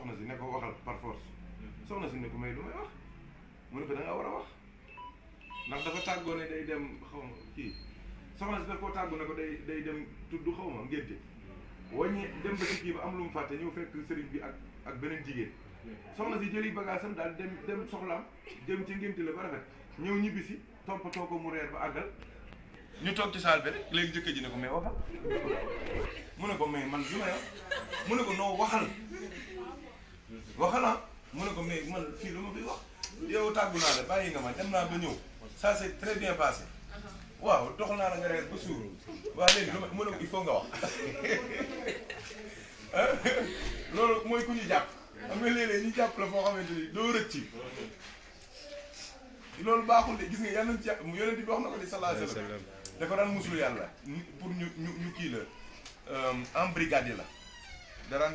soxna si ne ko waxal par force mhm. soxna si ne ko may lu may wax mu ne ko da ngaa war a wax ndax dafa tàggoo ne day dem xaw ma kii soxna si daf koo tàggu ne ko day day dem tudd xaw ma ngénte mhm. wàññi dem ba ci ba am lu mu fàtte ñëw fekk sëriñ bi ak ak beneen jigéen mhm. soxna si jëli bagaasam daal dem dem soxlaam dem ci ngénte la ba rafet ñëw ñibbi si toppatoo ko mu reer ba àggal ñu toog ci saal bi rek léegi ne ko mais waxal mu ne ko mais man li may wax mu ne waxal ah mu ne ko mais man fii lu ma fi wax yow tàggu naa la bàyyi nga ma dem naa ba ñëw ça s'est très bien passé uh-huh. waaw doxal naa la nga reer ba suur waaw léegi ma mu ne ko il faut nga wax loolu mooy ku ñu jàpp xam nga léeg-léeg ñu jàpp la foo xamante ni doo rëcc loolu baaxul de gis nga yàlla ci wax na ko di da ko daan musul yàlla pour ñu ñu ñu kii la euh, embrigadé la daraan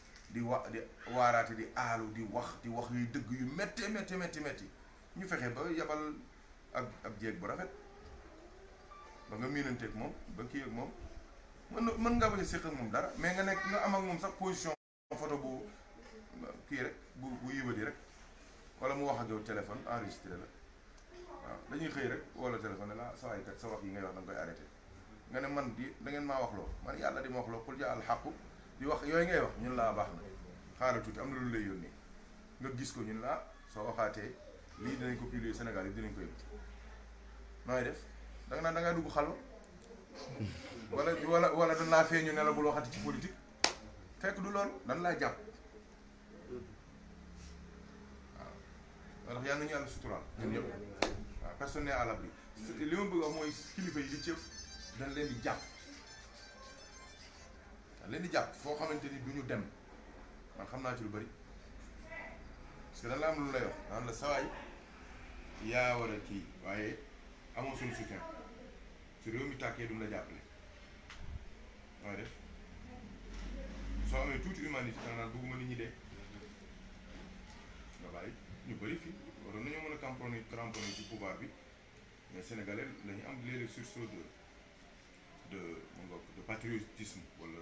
di wax di waaraate di aalu di wax di wax yuy dëgg yu métti métti métti métti ñu fexe ba yabal ab ab jéeg bu rafet ba nga miinanteeg moom ba kii ak moom mën na mën ngaa bañ a séq moom dara mais nga nekk nga am ak moom sax position photo bu kii rek bu bu yëbadi rek wala mu wax ak yow téléphone enregistré la waaw dañuy xëy rek wala téléphone ne la sa waay kat sa wax yi ngay wax da nga koy arrêté nga ne man di maa wax man yàlla di ma wax loo pour ja al li wax yooyu ngay wax ñun laa baax na xaaral tuuti am na lu lay yónnee nga gis ko ñun laa soo waxaatee lii dinañ ko publier Sénégal yi dinañ ko yóbbu nooy def da nga da ngaa dugg xalo wala wala wala dan laa feeñu ne bul waxati ci politique fekk du loolu dan laa jàpp waaw ndax yal na ñu yàlla suturaal ñun ñëpp personne n'est à li ma bëgg a mooy kilifa yi li ci ëpp dañ leen jàpp leen di jàpp foo xamante ni du ñu dem man xam naa ci lu bëri parce que dañ la am lu lay wax naan la sawaay yaa war a kii waaye amoo suñu soutien su réew mi tàkkee duñ la jàppale waaye def soo amee tuuti humanité danga naan bëgguma nit ñi dee nga bàyyi ñu bëri fii waroon nañoo mën a cramponné cramponné ci pouvoir bi mais sénégalais lañu am léeg-léeg sursaut de de patriotisme wala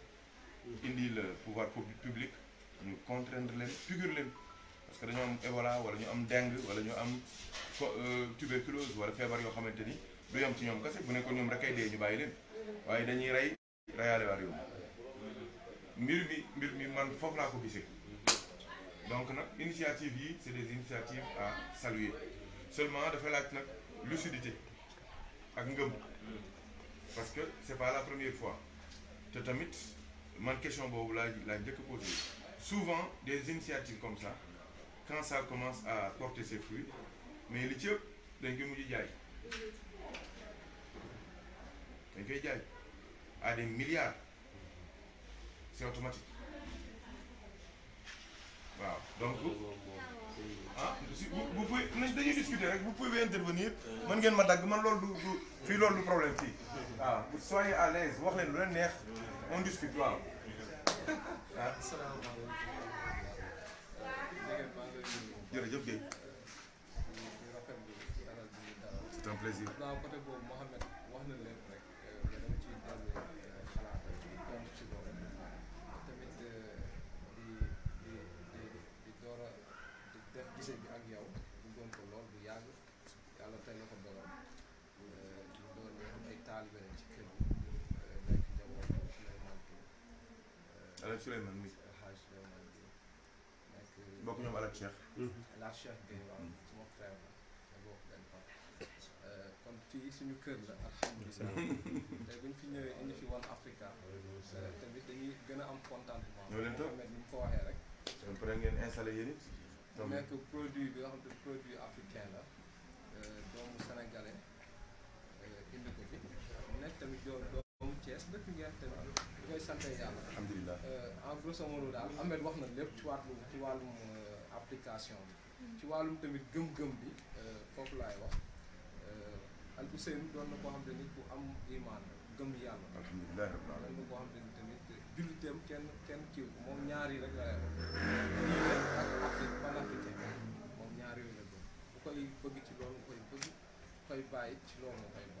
le pouvoir public nous contraindre les figure parce que nous am Ebola wala ñu am dengue wala ñu am euh, tuberculose wala feebar yoo xamante du nous ci ñoom bu nekkoon ñoom ñu man donc nag initiative c'est des initiatives à saluer seulement de faire la lucidité ak parce que c'est pas la première fois te man question la souvent des initiatives comme ça quand ça commence à porter ses fruits mais les à des milliards c'est automatique donc ah, ah, vous, vous pouvez, discuter vous pouvez intervenir Je vais vous dire man problème ah, soyez à l'aise wax leen lu on discute ah salaamaaleykum. jërëjëf Guèye. c'est un plaisir. Souleymane mi. Alhaaj Souleymane bi nekk. bokk ñoom Alhaaj Cheikh. Mm-hmm. Alhaaj Cheikh Gueye waaw mm-hmm. sama frère la bokk benn papa. Euh, kon fii suñu kër la alhamdulilah. Mm-hmm. te buñ fi ñëwee indi fi One Africa. Euh, tamit dañuy gën a am contentement. ñoo leen toog ni mu ko waxee rek. donc pare ngeen installé yéen it. nekk produit bi nga xam ne produit africain la. Euh, doomu sénégalais indi ko fi. nekk tamit doo Thiès dëkk ngeen tamit di koy sant yàlla. alhamdulilah euh, en daal Ahmed wax na lépp ci wàllu ci wàllum euh, application bi. ci wàllum tamit gëm-gëm bi euh, foofu laay wax Al Ousseynou doon na xam te ni ku am imaan gëm yàlla. alhamdulilah doon xam te ni kenn kenn moom ñaari rek la koy bëgg ci loolu koy koy bàyyi ci loolu koy bàyyi.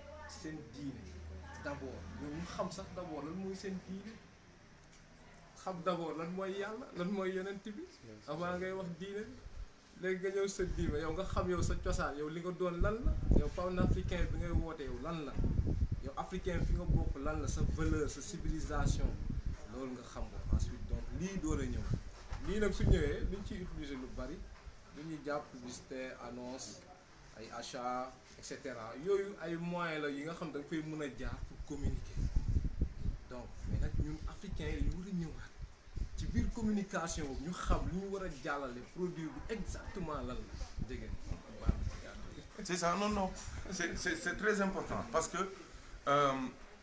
sen diine d'abord ñoom xam sax d'abord lan mooy sen diine xam d'abord lan mooy yàlla lan mooy yonent bi avant ngay wax diine bi léegi nga ñëw sa diine yow nga xam yow sa cosaan yow li nga doon lan la yow africain bi ngay woote yow lan la yow africain fi nga bokk lan la sa valeur sa civilisation loolu nga xam ko ensuite donc lii doo la ñëw lii nag su ñëwee luñ ci utiliser lu bari lu ñuy jàpp publicité annonce ay achat et cetera yooyu ay moyens la yi nga xam da nga koy mën a jaar pour communiquer donc mais nag ñun africains yi ñu war a ñëwaat ci biir communication boobu ñu xam lu ñu war a jàllale produit bi exactement lan la jege c'est ça non non c'est c'est c'est très important parce que euh,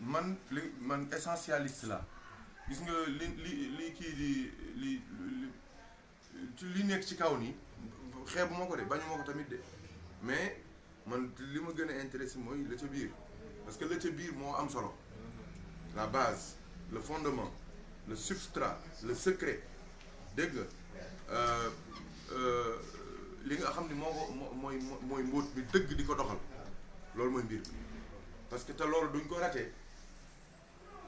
man li man essentialiste la gis nga li li li kii di li li li nekk ci kaw nii xeebu ma ko de bañu ma ko tamit de mais man li ma gëna intéressé moy le ca biir parce que le ca biir moo am solo la base le fondement le substrat le secret deug euh euh li nga xamni ni moy moy mooy bi deug diko doxal lool moy mbir parce que te lool duñ ko raté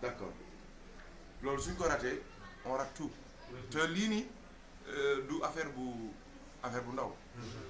d'accord lool suñ ko raté on rate tout te lii euh du affaire bu affaire bu ndaw mm-hmm.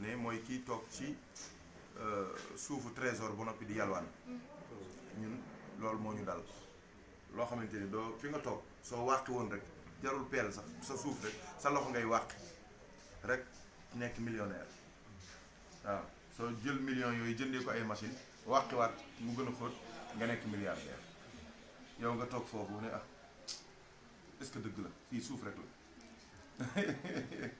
ne mooy kiy toog ci euh, suufu trésor bu noppi di yalwaan ñun loolu moo ñu dal loo xamante ni doo fi nga toog soo wàqi woon rek jarul peel sax sa suuf rek sa loxo ngay wàqi rek nekk millionnaire waaw soo jël millions yooyu jëndee ko ay machine wàqiwaat mu gën a xóot nga nekk milliardaire yow nga toog foofu ne ah est que dëgg la fii suuf rek la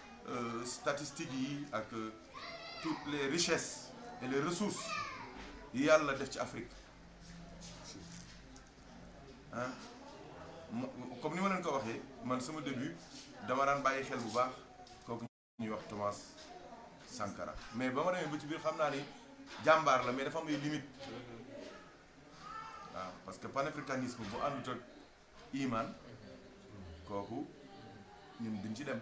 Euh, statistiques yi ak euh, toutes les richesses et les ressources yi yàlla def ci Afrique hein comme ni ma len ko waxe man sama début dama ran baye xel bu baax kooku ñuy wax Thomas Sankara mais ba ma demee ba ci bir xamna ni jambar la mais dafa am ay limite waaw parce que panafricanisme bu àndut ak iman kooku ñun duñ ci dem.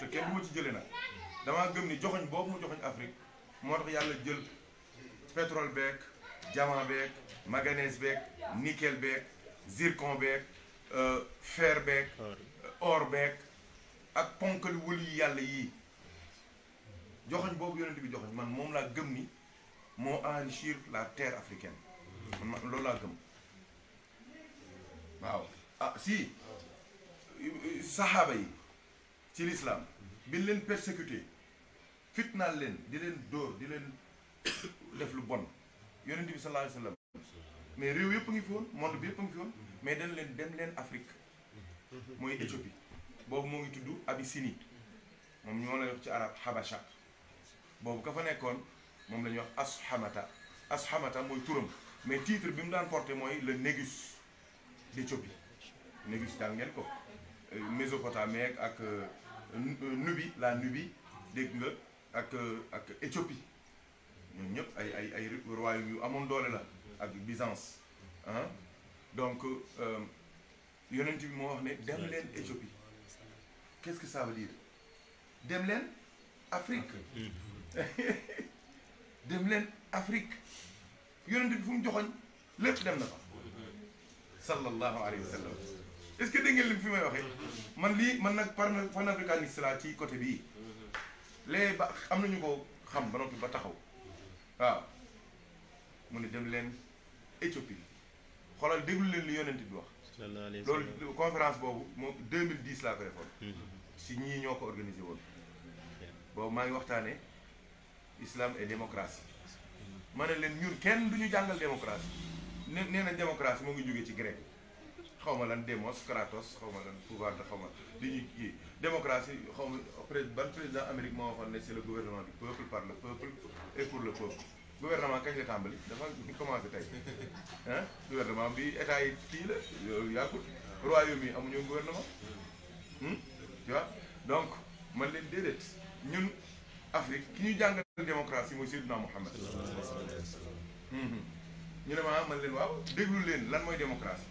te kenn du ma ci jëlee nag damaa gëm ni joxoñ boobu mu joxoñ Afrique moo tax yàlla jël pétrole beeg diamant beeg manganèse beeg nickel beeg zircon beeg euh, fer beeg or beeg ak ponkali wëlu yi yàlla yii joxoñ boobu yonent bi joxoñ man moom laa gëm ni moo enrichir la terre africaine man loolu laa gëm waaw ah si saxaaba yi ci lislaam bi leen persécuté fitnaal leen di leen dóor di leen def lu bon yonent bi sallallahu alayhi wasallam mais réew yëpp ngi fi woon monde bi yëpp ngi fi woon mais dañ leen dem leen Afrique mooy Éthiopie boobu moo ngi tudd Abyssinie moom ñoo lay wax ci arab Habasha boobu ka fa nekkoon moom la ñuy wax Ashamata Ashamata mooy turam mais titre bi mu daan porté mooy le négus d'Éthiopie négus daal ngeen ko euh, Mésopotamie ak. Euh, euh, Nubie la Nubie dégg nga ak euh, ak Éthiopie ñoom ñëpp ay ay ay royaume yu amoon doole la ak Byzance Hein? donc euh, yonent bi moo wax ne dem leen Éthiopie qu'est-ce que ça veut dire dem leen Afrique dem leen Afrique yonent bi fu mu joxoñ lépp dem na fa sallallahu alayhi wa sallam est-ce que dégg ngeen li fi may waxee man lii man nag panafricaniste laa ci côté bii léegi ba am nañu ko xam ba noppi ba taxaw waaw mu ne dem leen Éthiopie xoolal déglu leen li yonent bi wax loolu conférence boobu moom 2010 laa ko defoon mm-hmm. si ñii ñoo ko organisé woon boobu maa ngi waxtaane islam et démocratie ma ne leen ñur kenn du ñu jàngal démocratie nee na démocratie moo ngi jógee ci grec xaw ma lan Demos Kratos xaw ma lan pouvoir de xaw ma li ñuy kii démocratie xaw ma ban président Amérique moo waxoon ne c' est le gouvernement du peuple par le peuple et pour le peuple gouvernement kañ la tàmbali dafa commencé tey ah gouvernement bi état yi kii la yàggut royaume yi amuñu gouvernement tu vois donc man leen déedéet ñun Afrique ki ñu jàngal démocratie mooy Seydina Mohamed ñu ne ma man leen waaw déglu leen lan mooy démocratie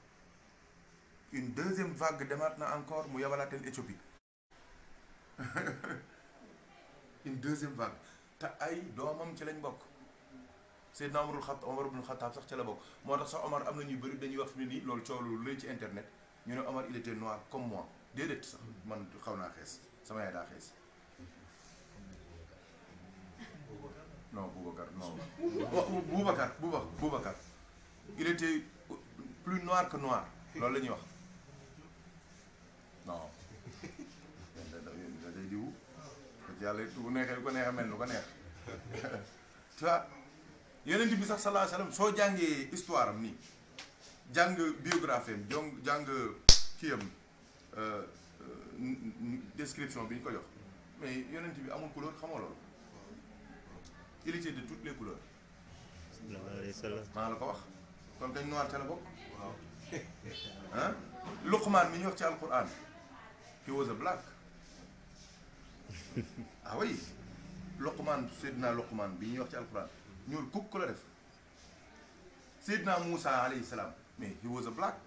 une deuxième vague de maintenant encore mu yebalaateen Éthiopie une deuxième vague Ta ay doomam ci lañ bok. C'est Omarul Xat Omar ibn Khattab, sax ci la bokk moo tax sax Omar am na ñuy bëri dañuy wax fi ne nii loolu coow ci internet ñu Omar il était noir comme moi déedéet sax man xaw naa xees sama yaay daa xees non Boubacar non Boubacar Boubacar Boubacar il était plus noir que noir loolu la ñuy wax. No, da day diwu ko ci yàlla bu neexee lu kan neexee mel lu ko neex tu vois yonent bi sax salaa salaam soo jàngee histoire am nii jàng biographie eh, eh, am description bi ñu ko jox mais yonent bi amul couleur xamoo loolu il était de toutes les couleurs maa la ko wax kon kañ noir ca la bokk waaw ah luqmaan mi ñu wax ci alquran he was a black ah oui Luqman Seydina Luqman bi ñuy wax ci alquran ñuul kukk ko la def Seydina Moussa alayhi salaam mais he was a black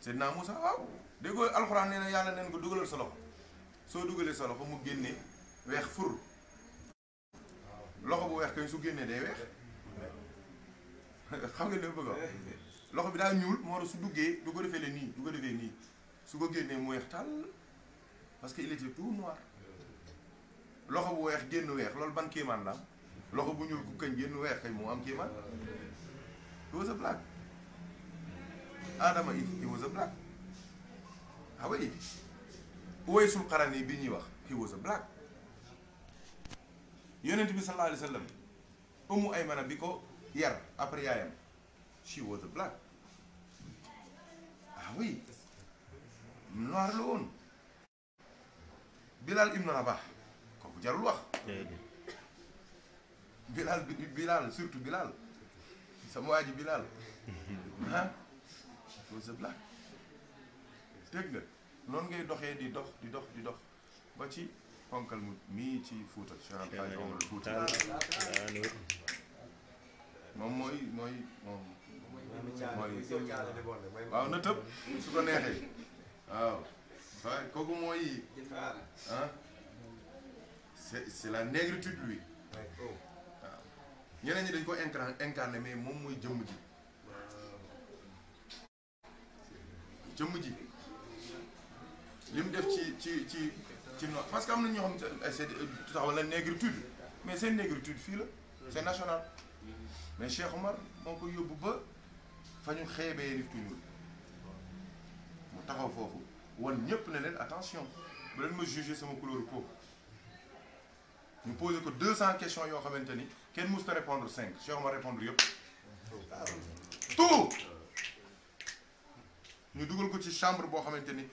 Seydina Moussa waaw déggoo alquran nee yàlla neen ko dugalal sa loxo soo dugalee sa loxo mu génne weex fur loxo bu weex kay su génnee day weex xam nga li bëgg a wax loxo bi daal ñuul moo war su duggee du ko defee le nii du ko defee nii su ko génnee mu weex tàll parce que il était tout noir loxo bu weex génn weex loolu ban kéemaan la loxo bu ñuul ku kañ génn weex kay moo am kéemaan it was a Adama it it was a black ah oui Uwaysul Qarani bi ñuy wax he was a black yonent bi sallallahu alayhi wa sallam Ummu Aymana bi ko yar après yaayam she was a black oui noir la woon Bilal Ibn Rabah kooku jarul wax. Bilal bi Bilal surtout Bilal sama waa ji Bilal ah was nga noonu ngay doxee di dox di dox di dox ba ci ponkal mii ci Fuuta Cheikh moom mooy mooy moom. waaw na tëb su ko neexee waaw waaye kooku mooy ah c'est c'est la négritude lui oh. waaw ñeneen ñi dañ ko incarné mais moom mooy jëmm ji jëmm ji li def ci ci ci ci noor parce que am na ñoo xam c'est tax wala négritude mais seen négritude fii la c'est national mm-hmm. mais Cheikh Omar moo ko yóbbu ba fañu xébé nit taxaw ne attention bu juger sama couleur peau ñu posé ko 200 questions yo xamanteni répondre 5 Cheikh ma répondre yépp tout ñu duggal ko ci chambre Pour xamanteni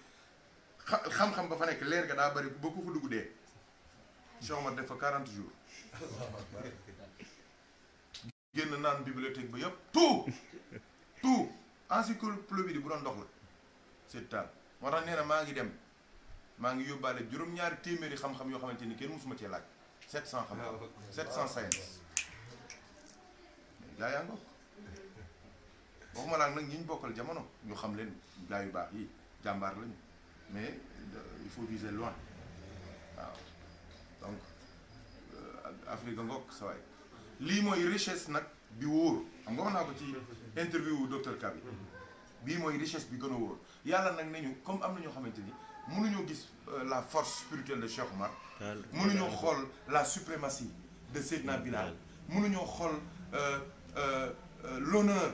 xam-xam ba fa nek ga da bari 40 jours bibliothèque tout tout encyclopédie bu doon dox la c'est taal moo tax nee na maa ngi dem maa ngi yóbbaale juróom-ñaari téeméeri xam-xam yoo xamante ni kenn musuma cee laaj 700 xam-xam 700 ah, science gaa yaa ngoog waxuma laa nag ñi ñu bokkal jamono ñu xam len gaa yu baax yi jambar lañu mais euh, il faut viser loin donc euh, Afrique ngoog sa waay lii mooy richesse nak bi wóor xam nga wax naa ci interview docteur Kabi bi moy richesse bi gën a wóor yàlla nag nañu comme am na xamanteni xamante ni gis euh, la force spirituelle de Cheikh Omar mënuñoo xol la suprématie de Seydina Bilal mënuñoo xool euh, euh, l'honneur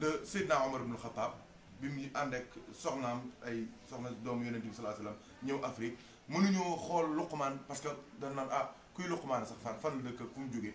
de Seydina Omar ibn Khattab bi mi ànd ak soxnam ay soxna doom yonent bi sallallahu alayhi wasallam ñew Afrique mënuñoo xol luqman parce que dañ naan ah kuy Luqmaan sax fan fan la dëkk fu mu jógee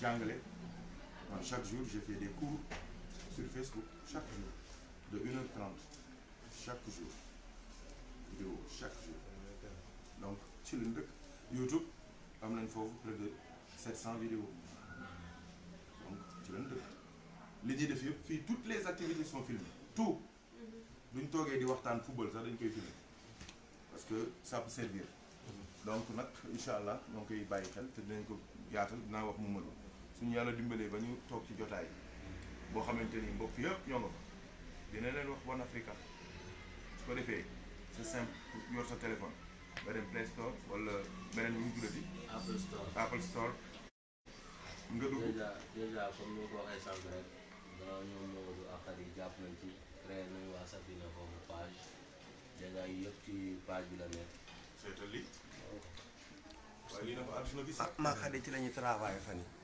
jàngale chaque jour je fais des cours sur Facebook chaque jour de 1h30 chaque jour vidéo chaque jour donc tu lu YouTube comme une près de 700 vidéos donc tu lañ dëkk li ñuy toutes les activités sont filmées tout Nous mhm. toogee di waxtaan football ça dañ koy filmer parce que ça peut servir mhm. donc nag incha allah ñoo ngi koy bàyyi xel te dinañ ko yaatal dinaa wax suñu yàlla dimbalee ba ñu toog ci jotaay boo xamante ni mbokk yëpp ñoo nga fa leen wax One Africa su ko wala beneen bu ñu ñoom ak jàpp nañ ci créé nañu waa Safina foofu la nekk. seetal li waaye lii dafa àdduna bi. maa Khady ci la ñuy travaillé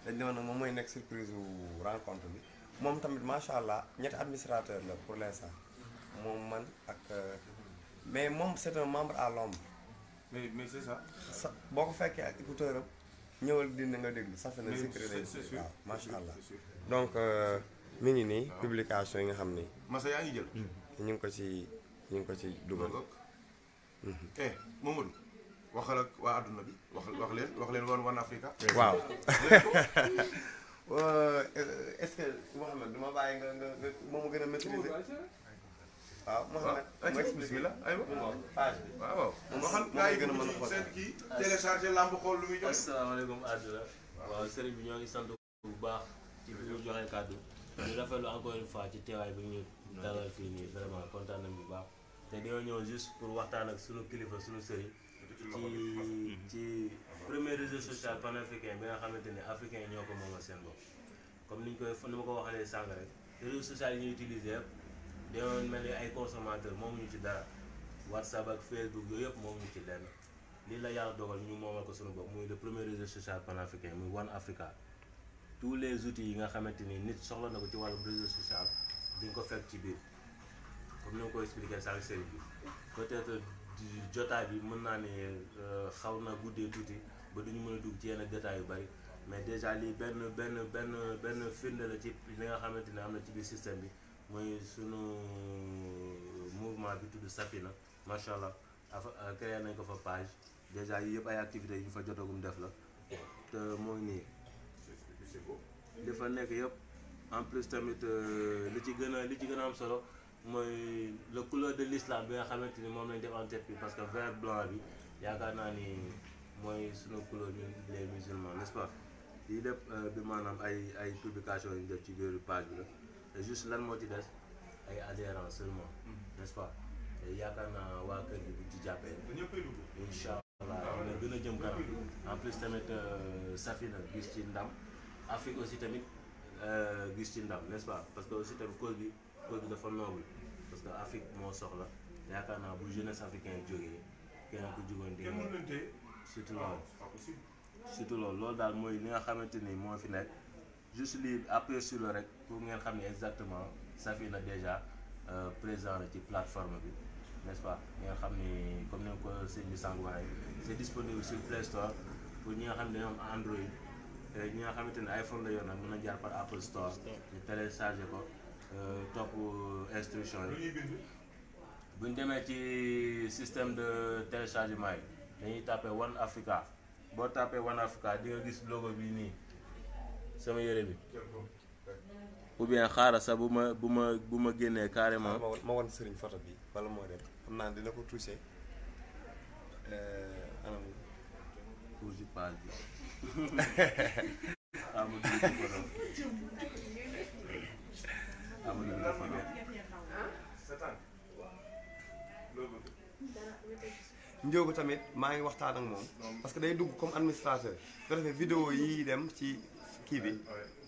dañ demone mom moy nek surprise wu rencontre bi mom tamit macha allah ñetti administrateur la pour l'instant mom man ak euh, mais mom c'est un membre à l'ombre mais mais c'est ça. boko fekke ak écouteur am di nga déglu fait na secret là waaw ah, allah donc euh, mi ngi ni ah. publication yi nga xamni ma sa yaangi jël. ñu ko ci ñu ko ci dugal. Mm-hmm. eh momadou waxal ak waa àdduna bi wax wax leen wax leen woon wan Africa. waaw. est-ce que Mouhamed duma bàyyi nga nga nga moom gën a maîtriser. waaw Mouhamed. ayca bisimilah aywa page bi. waaw waaw waxal gaa yi gën a mën a xool seen kii téléchargé lamb xool lu muy joxe. asalaamaaleykum àdduna. waaw sëriñ bi ñoo ngi sant bu baax ci bi ñu joxe kàddu. di rafetlu encore une fois ci teewaay bi ñu dalal fii nii vraiment kontaan nañu bu baax te dañoo ñëw juste pour waxtaan ak sunu kilifa sunu sëriñ. ci mm-hmm. ci premier réseau social panafricain bi nga xamante ni africain yi ñoo ko moomal seen bopp comme ni ñu koy ni ma ko waxalee sànq rek réseaux sociaux yi ñuy utiliser yëpp dañoo mel ni ay moom ñu ci dara whatsapp ak facebook yooyu yëpp moomuñu ci lenn lii la yàlla dogal ñu moomal ko suñu bopp muy le premier réseau social panafricain muy One Africa tous les outils yi nga xamante ni nit soxla na ko ci wàllu réseau social di nga ko fekk ci biir comme ni ko expliqué sànq sëriñ bi peut jotaay bi mën naa ne euh, xaw na guddee tuuti ba duñu mën a dugg ci yenn détails yu bari mais déjà lii benn benn benn benn firnde la ci li nga xamante ne am na ci biir système bi mooy sunu mouvement bi tudd Safina macha allah créé nañ ko fa page déjà yi yëpp ay activités yi ñu fa jotagum def la te moo ngi nii li fa nekk yëpp en plus tamit euh, li ci gën a li ci gën a am solo mooy le couleur de l'islam bi nga xamante ni moom lañ def en bi parce que vert blanc bi yaakaar naa ni mooy sunu couleur ñun les musulmans n'est-ce pas lii lépp euh, bi maanaam ay ay publication yu ñu def ci biir page bi la te juste lan moo ci des ay adhérents seulement mm-hmm. nest pas yaakaar naa waa kër bi ci jàppee incha allah ah, dina gën a jëm kanam en plus tamit euh, Safina gis ci ndam Afrique aussi tamit euh, gis ci ndam n'est-ce pas parce que aussi tamit cause bi cause dafa parce que Afrique mo soxla yaakaar bu jeunesse africaine jógee ku di surtout loolu ah, surtout loolu loolu daal mooy li nga xamante ni moo fi nekk juste après sur le Rec » pour ngeen xam exactement Safina déjà euh, présent plateforme n'est-ce pas ngeen xam comme ni nga ko c'est disponible sur Play Store pour ñi nga xam Android nga iPhone la par Apple Store ñu ko Euh, topp euh, instruction yi bu ñu demee ci système de téléchargement yi dañuy tàppe One Africa boo tàppee One Africa di nga gis logo bi nii sama yére bi ou bien xaaral sax bu ma bu ma bu ma génnee carrément. Ah, ma wan sëriñ photo bi wala moo dem xam naa dina ko touché euh, anam. toujours ah, page ko tamit maa ngi waxtaan ak moom parce que day dugg comme administrateur su ko defee vidéo yi dem ci kii bi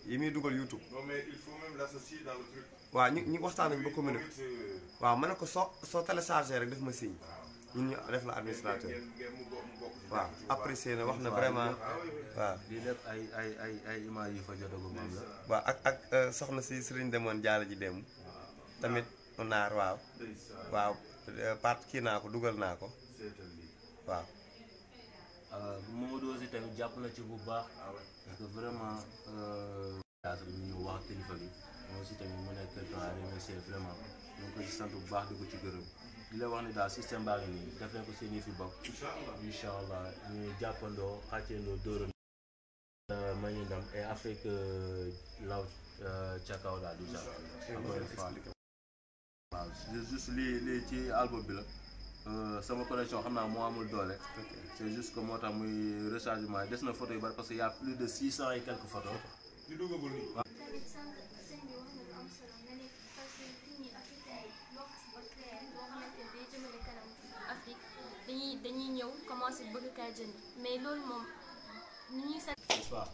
yi muy dugal YouTube. non mais il faut même l'associer dans le truc. waaw ñu ñu waxtaan ak ba waaw ma ne ko soo soo téléchargé rek def ma signe. Ah. ñun ñu def la administrateur waaw apprécié na wax na vraiment waaw. di def ay ay ay ay images yu fa jotagum am la. waaw ak ak euh, soxna si Serigne demoon jaala ji dem tamit naar waaw. waaw euh, part kii naa ko dugal naa ko waaw. Euh, Mamadou aussi tamit jàpp na ci bu baax. parce que vraiment. ñu wax kilifa bi. moom mu nekk sant bu baax di ko ci gërëm. di la wax ne daal système baa ngi nii def nañ ko seen yëfi bopp. incha allah ñu jàppandoo xàccandoo dóorandoo. Euh, ma ñu ndam et Afrique euh, law euh, ca kaw daal di jàpp. waaw juste lii lii ci album bi la. sama connexion xam naa moo amul doole. c' juste que moo tax muy rechargement des na photo yu bari parce que y' a plus de six cent et quelques photos. li dugg dañuy ñëw commencé bëgg kaa jënd mais loolu moom ni ñuy sa pas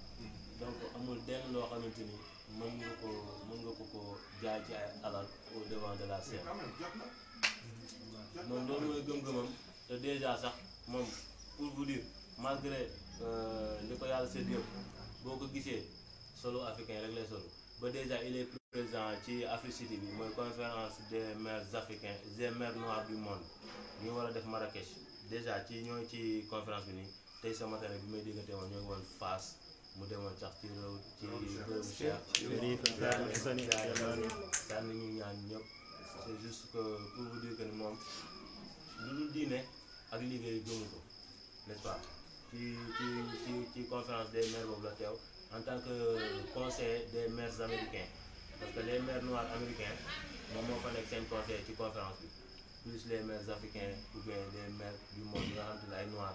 donc amul denn loo xamante ni mën nga ko mën nga ko ko jaay ci ay alal au devant de la scène moom loolu mooy gëm-gëmam te déjà sax moom pour vous dire malgré euh, li ko yàlla seen yëpp boo ko gisee solo africain rek lay solo ba déjà il est présent ci Africity bi mooy conférence des maires africains des maires noirs du monde ñu war a def Marrakech Déjà, ci ñooy ci conférence bi nii tey sa matin bi may dégg teewoon ñoo ngi woon Fass mu demoon sax ci réew ci réew Cheikh daan nañu ñaan ñëpp c'est juste que pour vous dire que Nous moom lu dul diine ak liggéey gëmu ko n'est-ce pas ci ci ci conférence des maires boobu la teew en tant que conseil des maires américains parce que les maires noirs américains moom moo fa nekk seen conseil ci conférence bi plus les maires africains ou bien les maires du monde yi la xam te ne ay noirs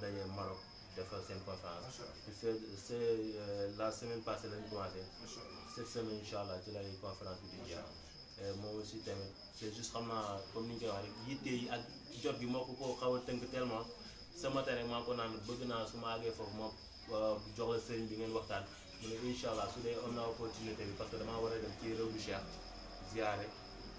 lañ ñoo Maroc defal conférence c'est euh, la semaine passée la commencé cette semaine inchallah allah la conférence du di jeex moi aussi c'est juste comment communiquer comme ni ñu koy wax ak bi ko xaw tellement ce matin maa ko naan bëgg naa su ma àggee foofu euh, jox la sëriñ bi ngeen waxtan mais inchallah incha allah su dee am na opportunité parce que dama wara a dem ci rew du Cheikh ziaré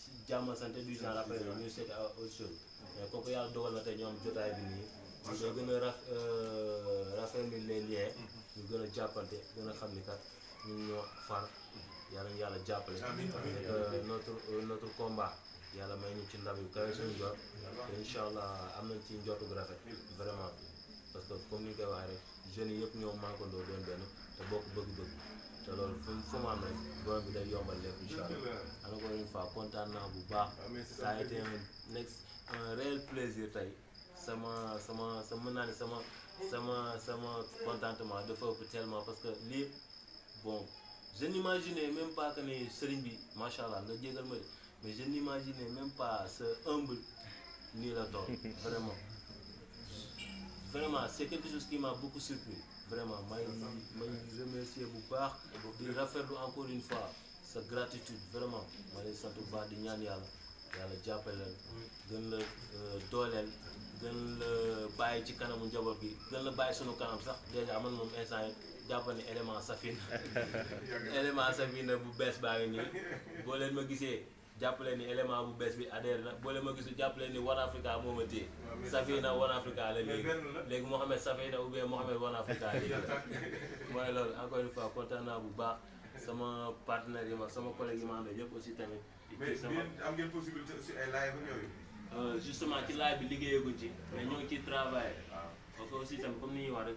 si jàmm sant du genre après ñu seet autre chose mais kooku yàlla dogal na te ñoom jotaay bi nii ñu ngi gën a raf euh, rafetlu les liens ñu gën a jàppante gën a xam ni kat ñu ñoo far yàlla ñu yàlla jàppale euh, notre euh, notre combat yàlla may ñu ci ndam yu kawe suñu jot te incha allah am nañ ci njortu bu rafet vraiment parce que comme ni ñu koy waxee rek jeunes yëpp ñoo mànkandoo doon benn te bokk bëgg-bëgg alors loolu fu fu mu am rek borom bi day yombal encore une fois kontaan ça a été un réel plaisir Ça sama sama sa mën sama sama sama contentement dafa ëpp tellement parce que lii bon je n'imaginais même pas que ne sëriñ bi macha allah nga jégal mais je n'imaginais même pas ce humble ni la vraiment vraiment c'est quelque chose qui m'a beaucoup surpris vraiment may may remercier bu baax di rafetlu encore une fois sa gratitude vraiment ma lay sant bu baax di ñaan yàlla yàlla jàppaleel gën le euh, dolel gën le bàyyi ci kanamu njaboot bi gën le bàyyi sunu kanam sax dèjà man mom instant jappal ni élément safina élément safina bu bes baa ngi nii boo leen ma gisee jàppale ni élément bu bees bi adhéré na boole ma gisu jàppale ni One Africa moo ma téye Safina One Africa la léegi léegi Mohamed Safina ou bien One Africa léegi mooy loolu encore une fois kontaan bu baax sama partenaire yi ma sama collègue yi ma àndal yëpp aussi tamit. mais am ngeen possibilité aussi ay live ak yooyu. Euh, justement ci live bi liggéeyaguñ ci. mais ñoo ngi ciy travail. Ah. parce que aussi tamit comme ni ñuy wax rek.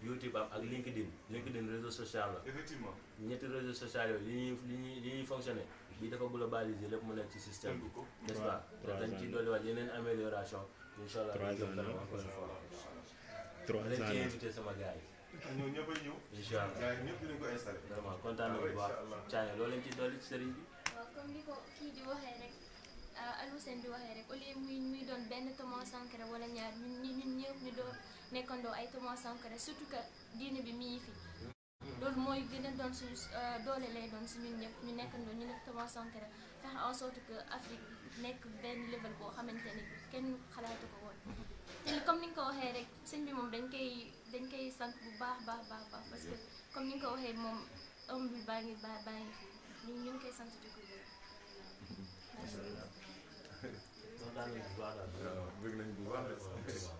YouTube ak LinkedIn LinkedIn réseau social la. effectivement ñetti réseaux sociaux yooyu li ñuy li ñuy li ñuy fonctionné bi dafa globalisé lépp mu nekk ci système bi. n'est-ce pas te dañ ci dolliwaat yeneen amélioration. incha allah trois ans trois ans ci invité sama gars yi. ñoo ñëpp a ñëw. incha allah gars yi ñëpp dinañ ko installé. vraiment kontaan na bu baax Thiané ah loolu lañ ci dolli ci sëriñ bi. waaw comme ni ko kii di waxee rek. Ah, Alou Sène di waxee rek au lieu muy muy doon benn tomon sànq wala ñaar ñun ñun ñëpp ñu doon. nekkandoo ay Thomas Sankara surtout que diine bi mi ngi fi. loolu mooy gën a doon suñu euh, doole lay doon si ñun ñëpp ñu nekkandoo ñu nekk Thomas Sankara fexe en sorte que Afrique nekk benn level boo xamante ni kenn xalaatu ko woon. te comme ni nga ko waxee rek sëñ bi moom dañ koy dañ koy sant bu baax baax baax baax parce que comme ni nga ko waxee moom ëmb bi baa ngi baa baa ngi fi ñu ñu ngi koy sant di ko gërëm.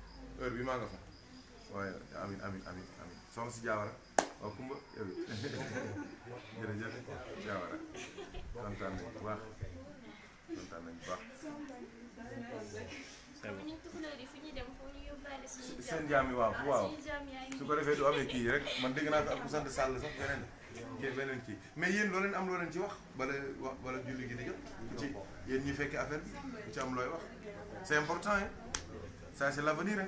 heure bi maa nga fa waaye amin amin amin amin soxna si jaawara waaw kumba yow jërëjëf jaawara kontaan nañ bu baax bu baax seen jaam yi waaw waaw su ko defee du amee kii rek man dégg naa ko ak ku sant Sall sax beneen kii beneen kii mais yéen loo leen am loo leen ci wax bala wax bala julli gi jot ku ci yéen ñi fekkee affaire ku ci am looy wax c'est important hein ça c'est l'avenir hein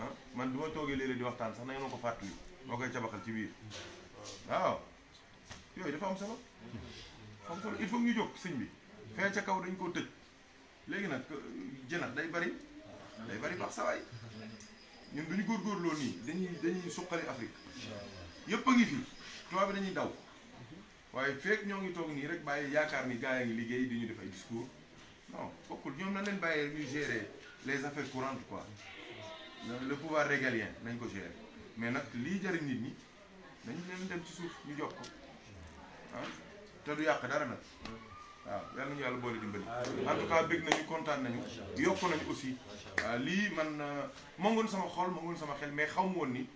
ah man bi ma toogee léeg-léeg di waxtaan sax na ngeen ko fàttali moo koy cabaxal ci biir waaw yooyu dafa am solo am solo il faut ñu jóg sëñ bi fee ca kaw dañ koo tëj léegi nag jën jënat day bari day bari baax sawaay ñun duñu góorgóorloo nii dañuy dañuy suqali Afrique yëpp a ngi fi tubaab bi dañuy daw waaye feek ñoo ngi toog nii rek bàyyi yaakaar ni gars yi ngi liggéey di ñu def ay discours non bokkul ñoom na leen bàyyee ñuy gérer les affaires courant quoi le pouvoir régalien nañ ko gérer mais nag lii jëriñ nit ñi dañ leen dem ci suuf ñu jox ko ah te du yàq dara nag waaw yal nañu yàlla boole dimbali. en tout cas bég nañu kontaan nañu. yokk nañu aussi. waaw lii man euh, mëngoon sama xol mëngoon sama xel mais xamu woon ni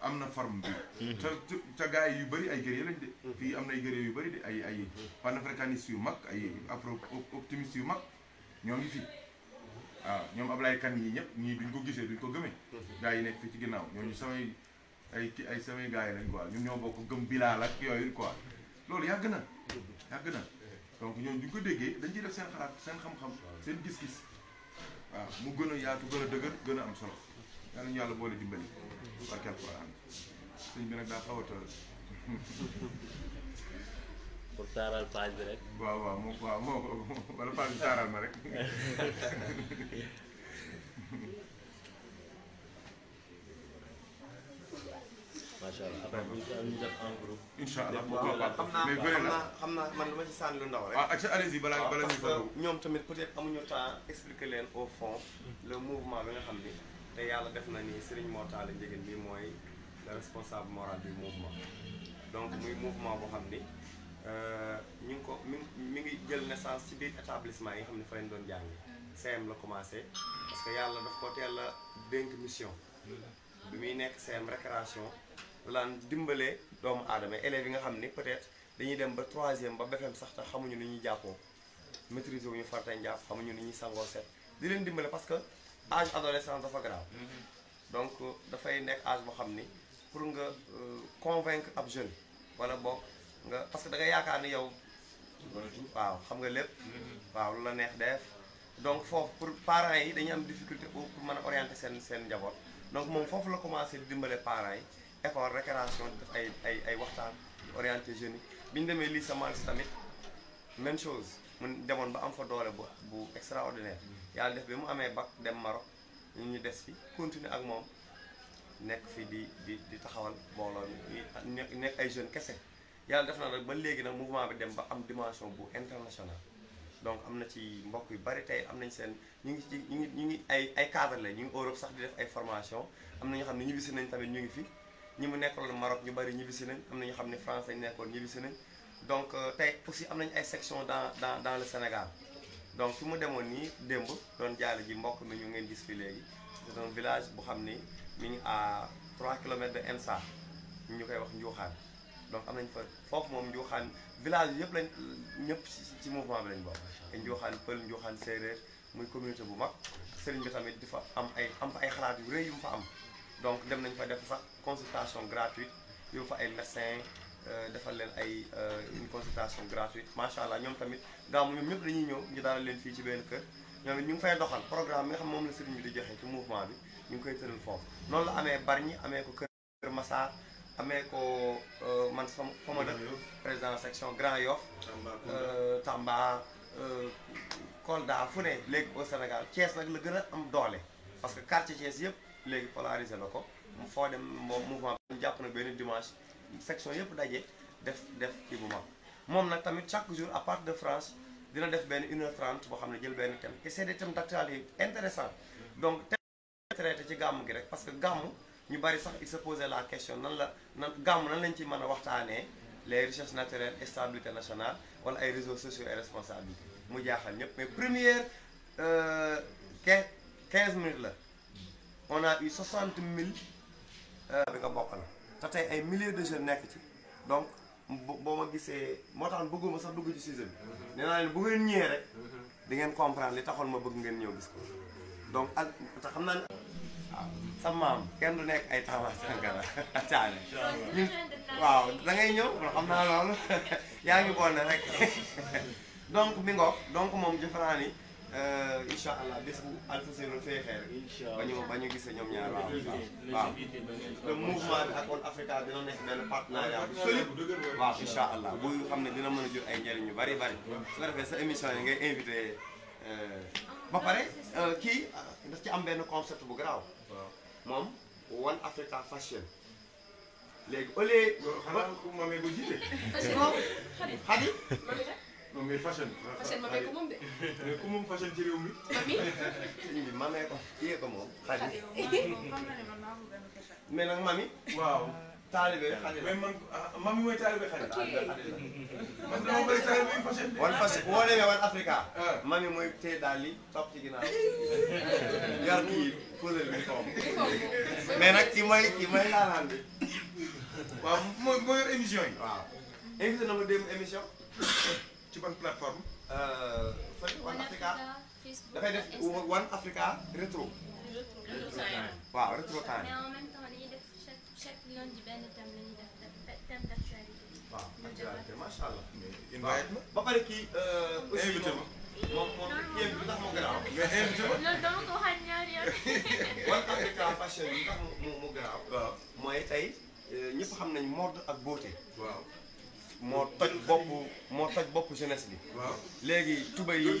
am na form bi. Mm-hmm. te te gars yi yu bëri ay guerrier lañ de. Mm-hmm. fii am na ay guerrier yu bëri de ay ay mm-hmm. panafricanistes yu mag ay afro optimistes yu mag ñoo ngi fi. waaw ñoom Ablaye Kane yi ñëpp ñii duñ ko gisee duñ ko gëmee mhm. gars yi nekk fii ci ginnaaw ñooñu samay ay ki ay samay gars yi lañ quoi ñun ñoo ko gëm bilaal ak yooyu quoi loolu yàgg na yàgg na donc ñoom duñ ko déggee dañ ciy def seen xalaat seen xam-xam seen gis-gis waaw mu gën a yaatu gën a dëgër gën a am solo yàlla ñu yàlla boole dimbali mhm. barke alquran sëñ bi nag daa xawata pour taaral page bi rek. waaw waaw mo waaw mo wala page bi taaral ma rek. macha allah après ñu def en groupe. incha allah xam naa xam naa man lu ma ci sànni lu ndaw rek. ah acca allez-y bala ah, balaa ñuy parce que ñoom tamit peut-être amuñu temps expliquer leen au fond. le mouvement bi nga xam ni. te yàlla def na ni Serigne Mor Talla Ndiéguène bi mooy le responsable moral du mouvement donc muy mouvement boo xam ni. Euh, ñu ngi ko mi ngi jël messance ci biir établissement yi nga xam ne fa leen doon jàngi CM la commencé parce que yàlla daf ko teel a dénk mission bi muy nekk CM récréation daan dimbalee doomu aadama élèves yi nga xam ni peut-être dañuy dem ba troisième ba BFEM sax te xamuñu ni ñuy jàppoo maîtriser wuñu farata njàpp xamuñu ni ñuy sangoo set di leen dimbale parce que âge adolescence dafa grave donc dafay nekk âge boo xam ni pour nga euh, convaincre ab jeune wala bokk nga parce que da nga yaakaar ni yow waaw xam nga lépp mm-hmm. waaw lu la neex def donc foofu pour parents yi dañuy am difficulté pour mën a orienter seen seen njaboot donc moom foofu la commencé di dimbale parent yi école di def ay ay ay waxtaan orienté jeunes yi bi ñu demee lycée Malick tamit même chose mun demoon ba am fa doole bu bu extraordinaire mm-hmm. yàlla def bi mu amee bac dem Maroc ñun ñu des fi continuer ak moom nekk fi di di di taxawal mbooloo nekk ay jeunes kese yàlla def na nag ba léegi nag mouvement bi dem ba am dimension bu international donc am na ci mbokk yu bari tey am nañ seen ñu ngi ci ñu ngi ñu ngi ay ay cadre ñu ngi Europe sax di def ay formation am na ñoo xam ne ñibbisi nañ tamit ñu ngi fi ñi mu nekkaloon Maroc ñu bari ñibbisi nañ am na xam ne France lañ nekkoon ñibbisi nañ donc euh, tey aussi am nañu ay section dans dans dans le Sénégal donc su mu demoon nii démb doon jaale ji mbokk mi ñu ngeen gis fi léegi c'est un village bu xam ni mi ngi à 3 kilomètres de Ensa ñu koy wax Njuuxaan donc am nañ fa foofu moom Njuuxaan village yëpp lañ ñëpp ci mouvement bi lañ bokk te Njuuxaan Pël Njuuxaan Séeréer muy communauté bu mag sëriñ bi tamit di fa am ay am fa ay xalaat yu rëy yu mu fa am donc dem nañ fa def sax consultation gratuite yu fa ay médecin euh, defal leen ay euh, une consultation gratuite macha allah ñoom tamit gaamu ñoom ñëpp dañuy ñëw ñu daal leen fii ci benn kër ñoom it ñu ngi fay doxal programme bi nga xam moom la sëriñ bi di joxe ci mouvement bi ñu ngi koy tëral foofu noonu amee ko euh, man fa fa ma dëkk président section Grand Yoff Tamba euh, euh, Kolda fu ne léegi au Sénégal Thiès nag la gën a am doole parce que quartier Thiès yëpp léegi polarisé na ko foo dem moom mouvement bi jàpp na benn dimanche section yëpp daje def def kii bu mag moom nag tamit chaque jour à part de France dina def benn une trente boo xam ne jël benn thème et c'est des thèmes d'actualité intéressants donc thème traité ci gàmm gi rek parce que gàmm ñu bari sax il se posait la question nan la nan gam nan lañ ci mën a les richesses naturelles et stabilité nationale wala ay réseaux sociaux et responsabilité mu jaaxal ñep mais première euh quinze minutes la on a eu soixante euh bi nga bokk la te tey ay milliers de jeunes nek ci donc boma ma gisee moo bëgguma sax dugg ci sujet bi nee naa bu ngeen ñëw rek di ngeen comprendre li taxoon ma bëgg ngeen ñëw gis ko donc ak xam naa sa maam kenn du nekk ay Thomas Sankara caane waaw da ngay ñëw xam naa loolu yaa ngi na rek donc mi ngoog donc moom jëfanaa ni euh, incha allah bés bu alfusero feexee rek ba ñu ba ñu gisee ñoom ñaar waaw waaw te partenariat bu solide waaw allah bu xam ne dina mën a jur ay njëriñ yu bari bari su ko defee sa émission yi ngay invité euh, ba pare euh, kii daf ci am benn concept bu garaaw moom One Africa Fashion léegi au lieu. xanaa moom ko jiite. xadi moom mais ma ko moom de. mais ku moom fashion ci réew mi. mami. ma ko moom. xadi mais mami waaw. taalibe xalil mais man mam mi mooy taalibe xalil man dama bëri taalibe yu fas yéene wala fas boo demee wala Africa mami mooy tee daal yi topp ci ginnaaw yar kii kóolal bi toom mais nag ki may ki may laalaan bi waaw mooy moo yor émission yi waaw invité na ma démb émission ci ban plateforme fële One Africa dafay def One Africa rétro waaw rétro time chaque lundi benn thème la ñuy def thème d' waaw ma ba pare kii. invité ma moom moom kii bi tax mu garaaw. mais invité ma loolu dama ko waxaat ñaari yoon. One Africa tey ñëpp xam nañ mode ak beauté. waaw. moo toj bopp moo toj bopp bi. waaw léegi tuba yi.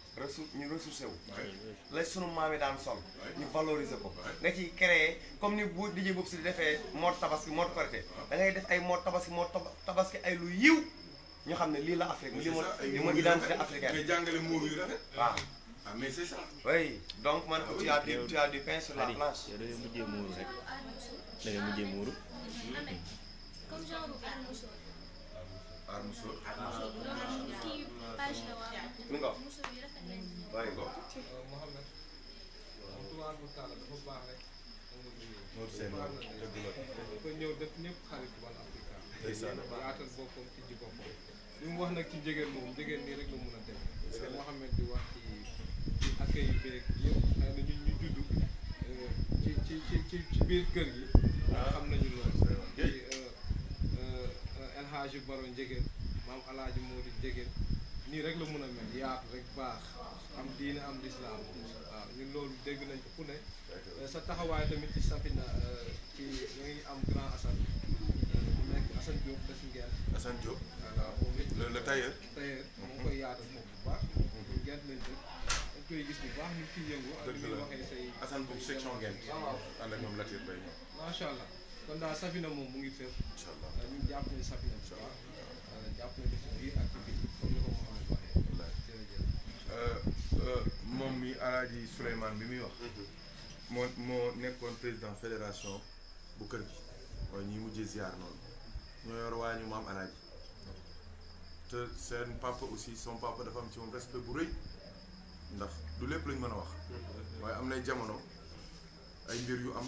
ressour ñu ressourcé wu. la sunu maam yi daan sol. ñu valoriser ko. nga ciy créer comme ni bu DJ Boubs si di defee mode tabaski moor korité da ngay def ay mode tabaski mode tabaski ay lu yiw ñu xam ne lii la Afrique lii mooy lii mooy identité africaine. mais daan moom yu rafet. waaw. Ah. ah mais c'est ça. donc man ah tu as du tu as du pain sur la planche. yow da mujjee muuru rek da mujjee muuru. aar musóor. mi nga wax. bàyyi nga wax. Mor Sène waaw dëgg dafa ñëw def ñëpp xarit wala Afrika. mu wax nag ci jigéen moom jigéen nii rek la mun a def. parce que di wax ci accueil yu beeg yëpp ñu judd ci ci ci biir kër gi. waaw xam nañu loolu. Hadji Baro Njegéen maam Alaaji Moodu Njegéen nii rek la mun a mel yaatu rek baax am diine am lislaam waaw ñun loolu dégg nañ ko fu sa taxawaay tamit ci Safina euh, ci ñu ngi am grand Assane euh, mu nekk Assane Diop des ngeen Assane Diop waaw moom it le tailleur tailleur moom mhm. koy yaatal moom bu baax ñu mhm. gent lañ dëkk dañ koy gis bu baax ñu fi yëngu ak ñuy waxee say Assane bu section ngeen ànd macha allah kon daal Safina moom mu ngi fépp. incha allah ñu jàpp ne Safina bu baax. jàpp ne ci biir euh, euh, mi Alaaji Souleymane bi muy wax. Mhm. moo moo nekkoon président fédération bu kër gi. mooy ñuy mujjee ziar noonu. ñoo yor waa ñu maam Alaaji. te seen papa aussi som papa dafa am ci moom respect bu rëy. ndax du lépp lañ mën a wax. Mhm. waaye am na jamono ay mbir yu am.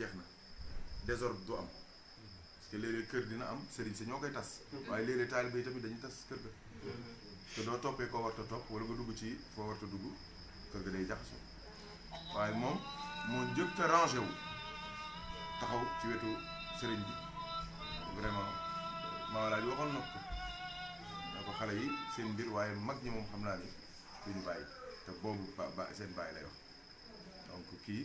jeex na désordre du am parce que léeg kër dina am sëriñ si ñoo koy tas waaye léeg-léeg yi tamit dañu tas kër ga te doo toppee koo warta topp wala nga dugg ci foo warta dugg kër ga day jaxasoo waaye moom moo njëkk a rangé wu taxaw ci wetu sëriñ bi vraiment maa laa di waxoon na ko ko xale yi seen mbir waaye mag ñi moom xam naa ni duñu bàyyi te boobu ba seen bàyyi lay wax donc kii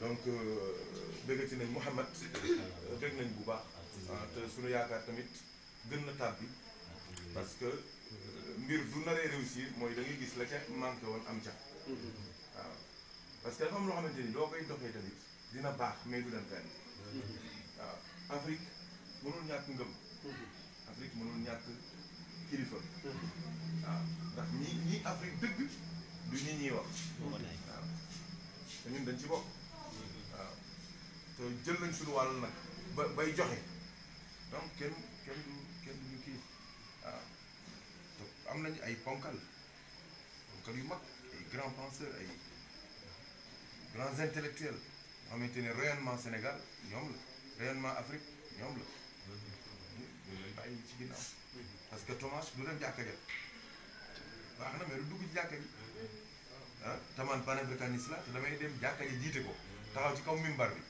donc euh, bëggati nañ Mouhamad euh, bëgg nañ bu baax ah, te suñu yaakaar tamit gën na tàbbi parce que euh, mbir du naree réussir mooy da ngay gis la ca manqué woon am ca waaw parce que dafa am loo xamante ni doo koy doxee tamit dina baax mais du dem fenn waaw Afrique mënul ñàkk ngëm Afrique mënul ñàkk kilifa waaw ndax ñi ñi Afrique dëgg du ñi ñuy wax waaw te ñun dañ ci bokk te jël nañ suñu wàll nag ba bay joxe donc kenn kenn du kenn du ñu kii waaw te am nañu ay ponkal ponkal yu mag ay grands penseurs ay grands intellectuels nga xamante ne rayonnement Sénégal ñoom la rayonnement Afrique ñoom la ñu bàyyi ci ginnaaw parce que Thomas du dem jàkka ja baax na mais du dugg ci jàkka ji ah tamaan panafricaniste la te damay dem jàkka ji jiite ko taxaw ci kaw mimbar bi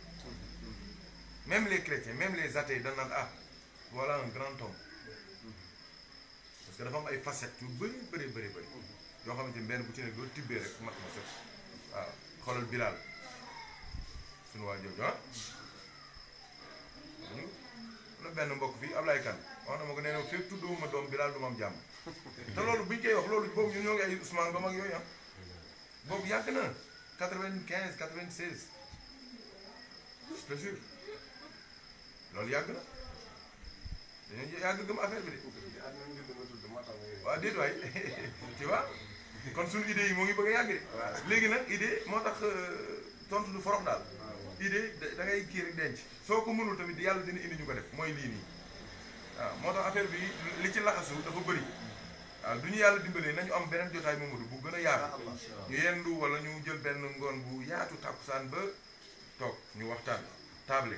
même les chrétiens même les athées dañ naan ah voilà un grand homme parce que dafa am ay facettes yu bëri bëri bëri bëri yoo xamante ni benn bu ci nekk doo tibbee rek mat ma sëkk waaw ah. benn mbokk fii Ablaye Kane wax na ma ko nee na fépp tudduma ma doom Bilaal du ma am jàmm te loolu buñ koy wax loolu boobu ñun ñoo ngi ay Ousmane ba mag yooyu ah boobu yàgg na quatre-vingt-quinze quatre-vingt-seize loolu yàgg na dañoo yàgg gëm affaire bi de. waaw déet waay tu kon suñu idée yi moo ngi bëgg yàgg de. léegi nag idée moo tax euh, tontu du forox daal. idée dangay ngay kii rek denc. soo ko mënul tamit yàlla dina indi ñu ko def mooy lii nii waaw moo tax affaire bi li ci laxasu dafa bëri. waaw du ñu yàlla dimbalee nañu am beneen jotaay Mamadou bu gën a yaatu ñu yendu wala ñu jël benn ngoon bu yaatu tàkkusaan ba toog ñu waxtaan table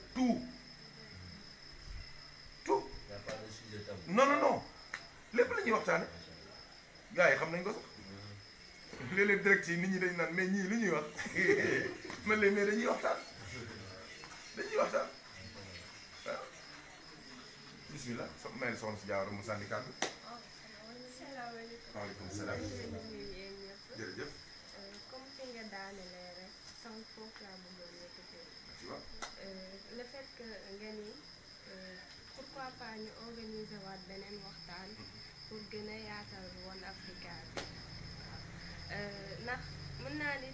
tout tout non non non lépp la waxtaane gars yi xam nañ ko sax léeg direct yi nit ñi dañ naan mais ñii lu ñuy wax man léegi mais dañuy waxtaan dañuy waxtaan waaw bismillah so mayel soxna si jaawara mu sànni kàddu Euh, la fait que nga ni euh, pourquoi pas ñu organiser waat beneen waxtaan pour gën yaatal woon Africa bi euh, ndax mën naa ni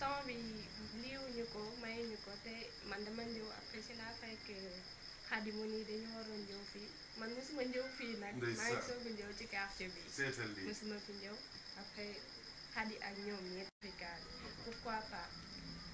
temps bi liiwuñu ko mayuñu ko te man dama ñëw après si laa fekk xadi mu nii dañu waroon ñëw fii man mosuma ñëw fii nag maa ngi soog a ñëw ci quartier bi suma fi ñëw après xadi ak ñoom ñëpp Africa bi pourquoi pas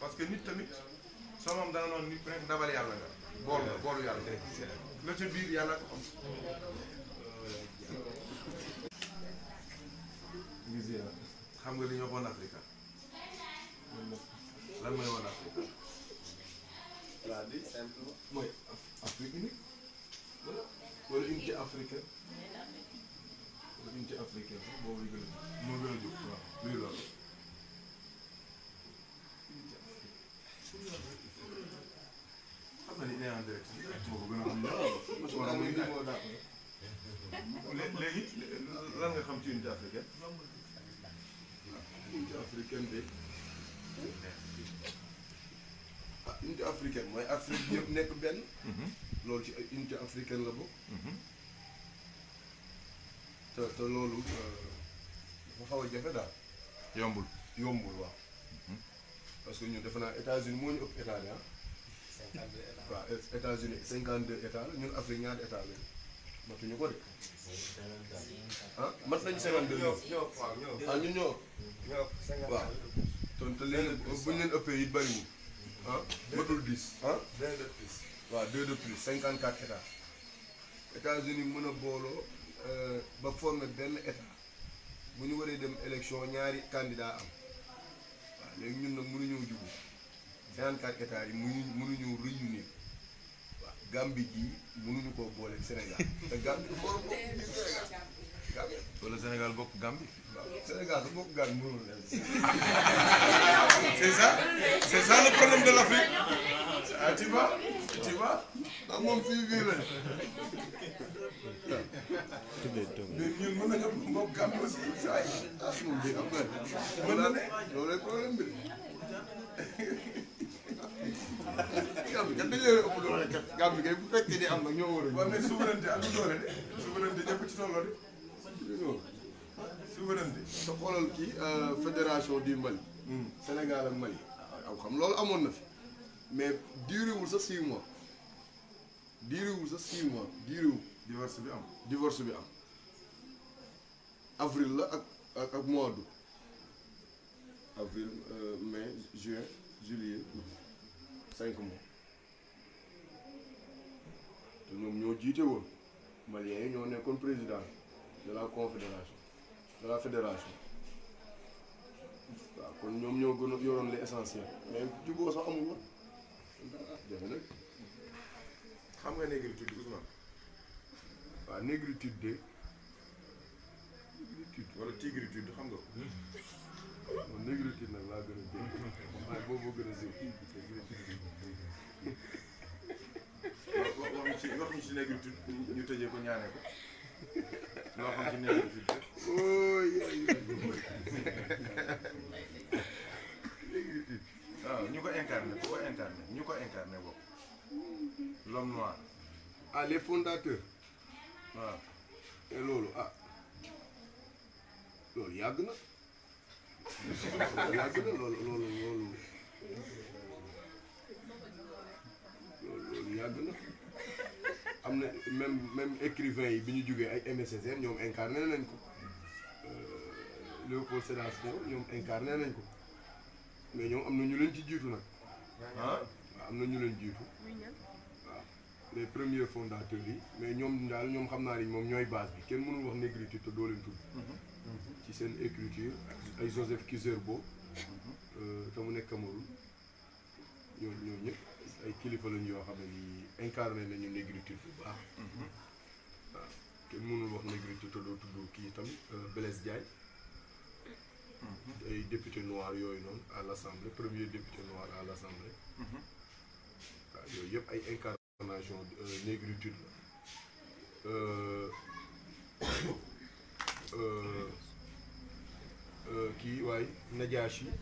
parce que nit tamit soo moom dana noonu nit ku nekk ndabal yàlla nga bool nga boolu yàlla la ca biir yàlla ko xam xam nga li ñu waxoon Afrika lan mooy woon Afrika laa di simplement mooy Afrique unique wala unité africaine wala unité africaine boobu moo gën a jóg moo gën a jóg waaw luy loolu nee moo ko a xam nga xam ci unité africaine unité africaine mooy Afrique yëpp nekk benn loolu ci unité africaine la bokk te te loolu dafa xaw a jafe daal yombul yombul waaw parce que ñu def naa États-Unis moo ñu ëpp état bi ah. waaw États-Unis cinquante deux états ñun Afrique ñaari état lañu matuñu ko de. ah mat nañu cinquante deux ñoom ah ñun ñoo. waaw ton te léegi bu ñu leen ëppee it bëriwul ah matul dix ah. deux de plus waaw deux de plus cinquante quatre états États-Unis mën a booloo euh, ba former benn état bu ñu waree dem élection ñaari candidat am waaw léegi ñun nag mënuñoo jubu. 54 états yi mënuñu mënuñu réunir waaw Gambie gii mënuñu koo boole bokk Gambie. wala bokk Gambie. waaw bokk Gambie mënul leen. c'est ça c'est ça le problème de l'Afrique ah, moom fii bii la. mais ñun mën ah, moom bii am problème gam dañu leen ëpp doole kat gam bi a mais souveraineté am doole de souveraineté ñëpp ci tolloo de souveraineté te xoolal kii fédération du Mali Sénégal ak Mali aw xam loolu amoon na fi mais diiriwul sa six mois diiriwul sa six mois diiriwul divorce bi am divorce bi am avril la ak ak mois d'août avril euh, mai juin juillet sai como te ñoom ñoo jiite woon maliens yi ñoo nekkoon président de la confédération de la fédération waaw kon o ñoo gën a yoroon li essentiel mais juboo sax amul woon jafe nag xam nga négritude Ousmane waaw négritude de négritude wala tigritude xam nga ko négritude nag laa gën a dégg ci wax ñu ci nekkul tudd ñu tëjee ko ñaanee ko loo xam ci nekkul tudd. waaw ah, ñu ko incarné ku ko incarné ñu ko incarné boobu l'homme noir. ah les fondateurs. waaw ah. te loolu ah loolu yàgg na yàgg na loolu loolu loolu loolu yàgg na. amna même même écrivain yi bi ñu ay MSSR ñom incarné nañ ko euh, Léopold Sédar Senghor ñom incarné nañ ko mais ñom amna ñu leen ci jiitu nak ah waaw ñu leen jiitu waaw les premiers fondateurs yi mais ñom dal ñom xamna ni mom ñoy base bi kenn mënu wax négritude te doo leen tout mm-hmm. ci sen écriture ay Joseph Kizerbo mm-hmm. euh mu nek Cameroun ñoo ñoo ñëpp ay kilifa lañ yoo xam ne nii incarné nañu négritude bu baax. Mhm. waaw kenn mënul wax négritude te doo tudd kii itam euh, Blaise Diagne. Mhm. ay député noir yooyu noonu à l' assemblée premier député noir à l' assemblée. Mhm. waaw yooyu yëpp ay incarnation euh, négritude la. Euh, kii waaye Najashi yi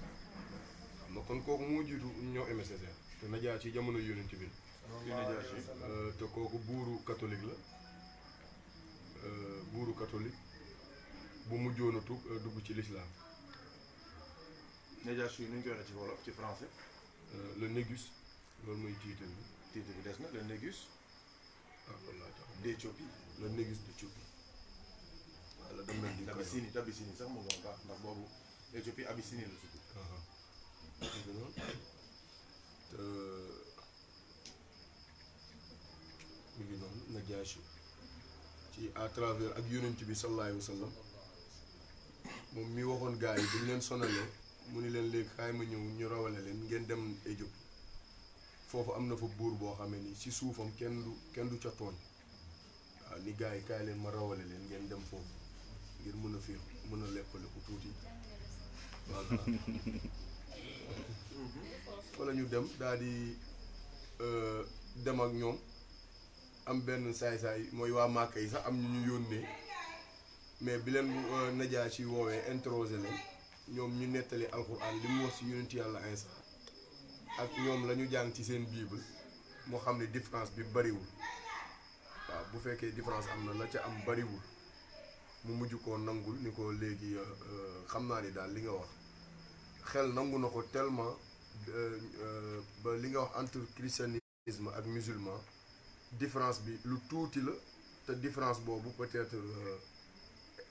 xam na kon kooku moo jiitu ñoo MSSR. te najaa ci jamono yonent bi ci najaa ci euh, te kooku buuru catholique la euh, buuru catholique bu mujjoon a tuub euh, dugg ci lislaam Najaasi yi nu ñu koy waxee ci wolof ci français. le Négus loolu mooy titre bi. titre bi des na le Négus. Ah, d'Éthiopie. le Négus d'Éthiopie. waaw dem nañ di. Abyssinie Abyssinie sax mu ngi woon ndax boobu Éthiopie Abyssinie la tudd. Ah, ah. mu ngi noonu na jaasi ci à travers ak yonent bi sallallahu alayhi moom mi waxoon gars yi buñ leen sonalee mu ni leen léegi xaay ma ñëw ñu rawale leen ngeen dem Égypte foofu am na fa buur boo xamee ni ci suufam kenn du kenn du ca tooñ waaw ni gars yi kaay leen ma rawale leen ngeen dem foofu ngir mën a fiir mën a leppale ko tuuti voilà fa la ñu dem daal di euh, dem ak ñoom am benn saay-saay mooy waa Màkka yi sax am ñu ñu yónnee mais bi leen euh, Najaashi woowee introsé leen ñoom ñu nettali alxuraan li mu wax ci yonent yàlla instant ak ñoom la ñu jàng ci seen bible moo xam ne différence bi bariwul waaw bu fekkee différence am na la ca am bariwul mu mujj ko nangul ni ko léegi euh, xam naa ni daal li nga wax xel nangu na ko tellement euh, euh, ba li nga wax entre christianisme ak musulman différence bi lu tuuti la te différence boobu peut-être euh,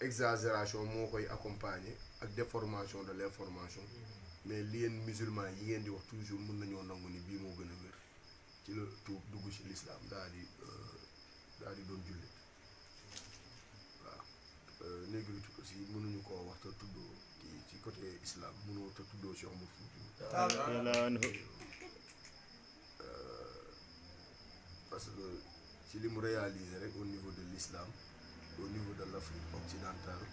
exagération moo koy accompagner ak déformation de l'information mais li yéen musulman yi ngeen di wax toujours mën nañoo nangu ni bii moo gën a wér ci la tuub dugg ci lislam daal di daal di doon jullit waaw négritude aussi mënuñu koo wax te tuddoo côté islam mënoo te tuddoo Cheikh Omar Fouti euh, parce que ci li mu réalisé rek au niveau de l'islam au niveau de l'Afrique occidentale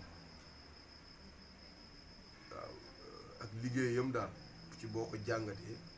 waaw euh, ak liggéeyam daal ci boo ko jàngatee